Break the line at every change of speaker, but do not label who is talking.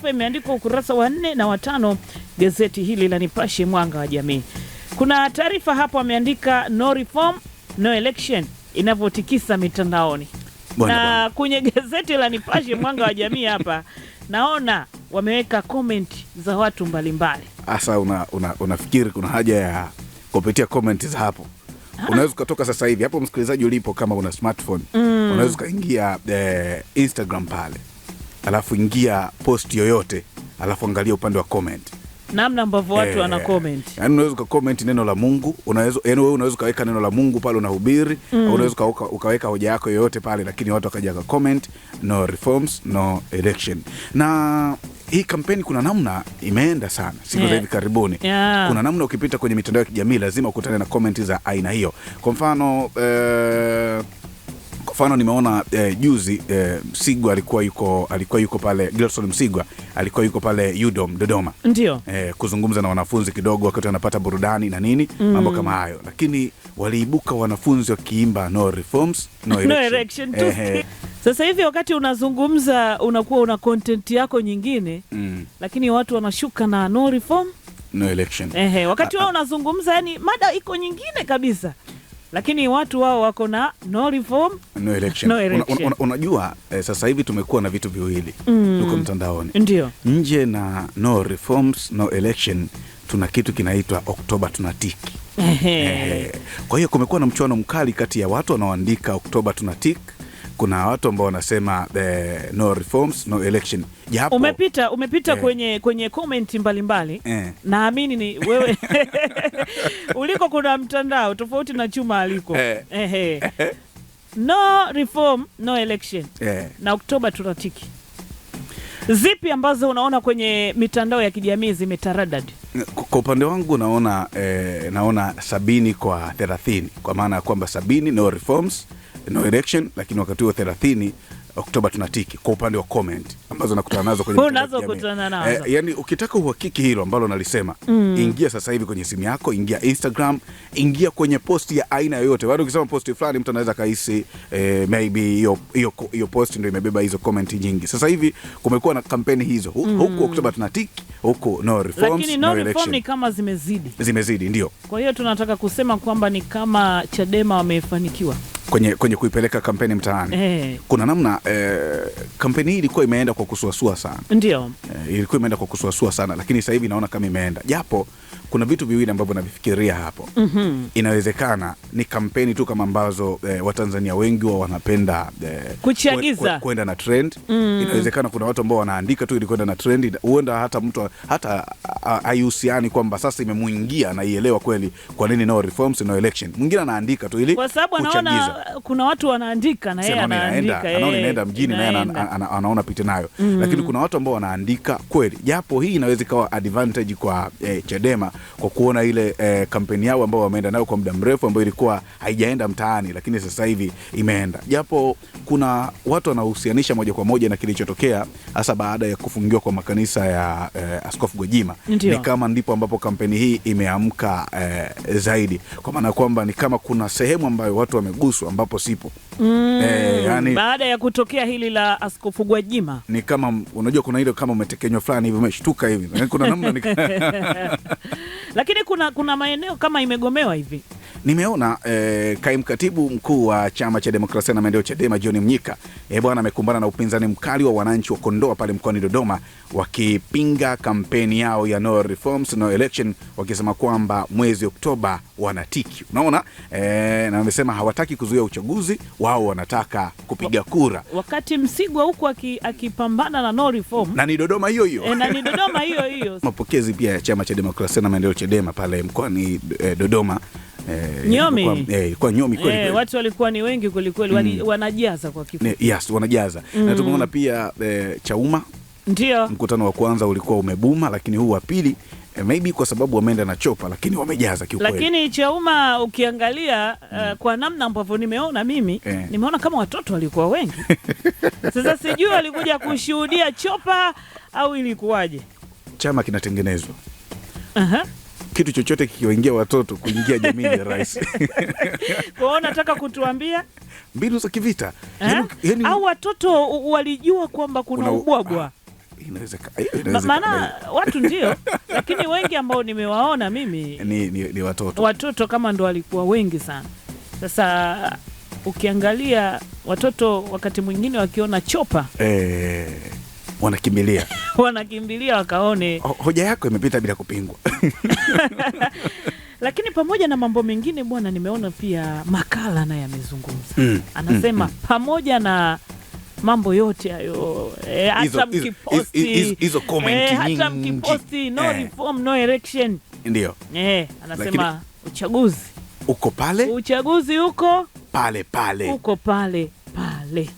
taarifa imeandikwa ukurasa wa nne na watano gazeti hili la Nipashe mwanga wa jamii. Kuna taarifa hapo ameandika no reform no election inavyotikisa mitandaoni na Kwenye gazeti la Nipashe mwanga wa jamii hapa naona wameweka komenti za watu mbalimbali.
Hasa unafikiri una, una kuna haja ya kupitia komenti za hapo ah. unaweza ukatoka sasa hivi hapo, msikilizaji ulipo, kama una smartphone mm. unaweza ukaingia eh, Instagram pale alafu ingia post yoyote, alafu angalia upande wa comment
namna ambavyo watu eh, wana comment.
Yaani unaweza ukacomment neno la Mungu, unaweza yani wewe unaweza ukaweka neno la Mungu pale unahubiri, mm. unaweza ukaweka hoja yako yoyote pale, lakini watu wakaja ka comment no reforms no election. Na hii kampeni kuna namna imeenda sana siku yeah. za hivi karibuni yeah. kuna namna ukipita kwenye mitandao ya kijamii lazima ukutane na comment za aina hiyo. Kwa mfano eh, mfano nimeona eh, juzi eh, Msigwa alikuwa yuko alikuwa yuko pale Gilson Msigwa alikuwa yuko pale UDOM Dodoma, ndio eh, kuzungumza na wanafunzi kidogo, wakati wanapata burudani na nini mm. mambo kama hayo, lakini waliibuka wanafunzi wakiimba no reforms no election, no
election eh, Sasa hivi wakati unazungumza unakuwa una content yako nyingine mm. lakini watu wanashuka na no reform no election. Ehe, wakati wewe unazungumza yani mada iko nyingine kabisa lakini watu wao wako na no reform
no election. No election. Una, una, unajua eh, sasa hivi tumekuwa na vitu viwili mm. mtandaoni ndio nje na no reforms, no election tuna kitu kinaitwa Oktoba tunatiki. Kwa hiyo kumekuwa na mchuano mkali kati ya watu wanaoandika Oktoba tunatiki kuna watu ambao wanasema eh, no reforms, no election.
Japo umepita umepita eh, kwenye kwenye comment mbalimbali eh, naamini ni wewe uliko kuna mtandao tofauti na chuma aliko eh. Eh, eh. No reform, no election eh. Na Oktoba tunatiki zipi ambazo unaona kwenye mitandao ya kijamii zimetaradad?
Kwa upande wangu naona eh, naona sabini kwa thelathini kwa maana ya kwamba sabini no reforms no election, lakini wakati huo 30 Oktoba tunatiki kwa upande wa comment ambazo nakutana nazo kwenye unazokutana nazo eh, yani ukitaka uhakiki hilo ambalo nalisema mm. Ingia sasa hivi kwenye simu yako, ingia Instagram, ingia kwenye posti ya aina yoyote. Bado ukisema posti fulani, mtu anaweza kahisi eh, maybe hiyo hiyo posti ndio imebeba hizo comment nyingi. Sasa hivi kumekuwa na kampeni hizo huku mm. Oktoba tunatiki huku no reforms, lakini no, no reform ni
kama zimezidi
zimezidi, ndio.
Kwa hiyo tunataka kusema kwamba ni kama Chadema wamefanikiwa
kwenye, kwenye kuipeleka kampeni mtaani hey. Eh. Kuna namna eh, kampeni hii ilikuwa imeenda kwa kusuasua sana ndio, eh, ilikuwa imeenda kwa kusuasua sana lakini sasa hivi naona kama imeenda, japo kuna vitu viwili ambavyo navifikiria hapo mm -hmm. Inawezekana ni kampeni tu kama ambazo eh, Watanzania wengi wa wanapenda eh,
kuchagiza
kwenda na trend mm. Inawezekana kuna watu ambao wanaandika tu ili kwenda na trend, huenda hata mtu hata haihusiani kwamba sasa imemwingia naielewa kweli kwa nini no reforms no election. Mwingine anaandika tu ili
kwa sababu anaona kuna watu wanaandika na yeye anaandika,
anaona inaenda mjini naye anaona pite nayo, mm-hmm. lakini kuna watu ambao wanaandika kweli, japo hii inaweza ikawa advantage kwa eh, Chadema kwa kuona ile eh, kampeni yao ambao wameenda nayo kwa muda mrefu ambayo ilikuwa haijaenda mtaani, lakini sasa hivi imeenda, japo kuna watu wanahusianisha moja kwa moja na kilichotokea hasa baada ya kufungiwa kwa makanisa ya eh, Askofu Gwajima Ndiyo. Ni kama ndipo ambapo kampeni hii imeamka eh, zaidi kwa maana kwamba ni kama kuna sehemu ambayo watu wameguswa ambapo sipo
mm, eh, yani, baada ya kutokea hili la Askofu Gwajima
ni kama unajua kuna ile kama umetekenywa fulani hivi umeshtuka hivi kuna namna ni...
lakini kuna, kuna maeneo kama imegomewa hivi
Nimeona eh, kaimu katibu mkuu wa chama cha demokrasia na maendeleo Chadema John Mnyika e bwana amekumbana na upinzani mkali wa wananchi wa Kondoa pale mkoani Dodoma wakipinga kampeni yao ya no reforms no election, wakisema kwamba mwezi Oktoba wanatiki. Unaona eh, na wamesema hawataki kuzuia uchaguzi wao, wanataka kupiga kura,
wakati Msigwa huku akipambana na no reform,
na ni Dodoma hiyo hiyo
e, Dodoma hiyo hiyo
mapokezi pia ya chama cha demokrasia na maendeleo Chadema pale mkoani eh, Dodoma Eh, nyomi ilikuwa yaani eh, nyomi
kweli eh, watu walikuwa ni wengi kweli kweli, mm. wanajaza kwa kifupi.
Yes, wanajaza mm. na tumeona pia eh, Chauma ndio mkutano wa kwanza ulikuwa umebuma, lakini huu wa pili eh, maybe kwa sababu wameenda na chopa, lakini wamejaza kiukweli.
Lakini Chauma ukiangalia mm. uh, kwa namna ambavyo nimeona mimi eh, nimeona kama watoto walikuwa wengi sasa sijui walikuja kushuhudia chopa au ilikuwaje,
chama kinatengenezwa. uh -huh kitu chochote kikiwaingia watoto kuingia jamii ya rais
Kwa hiyo nataka kutuambia
mbinu za kivita
eh? yani, yaani au watoto walijua kwamba kuna ubwabwa ah, eh, maana watu ndio, lakini wengi ambao nimewaona mimi
ni, ni, ni watoto
watoto kama ndo walikuwa wengi sana. Sasa ukiangalia watoto wakati mwingine wakiona chopa
eh wanakimbilia
wanakimbilia wakaone. Ho,
hoja yako imepita bila kupingwa.
Lakini pamoja na mambo mengine bwana, nimeona pia makala naye amezungumza mm, mm anasema mm, mm. pamoja na mambo yote hayo hata hata mkiposti no eh. reform no election, ndio eh, anasema Lakini, uchaguzi uko pale, uchaguzi uko
pale pale,
uko pale pale.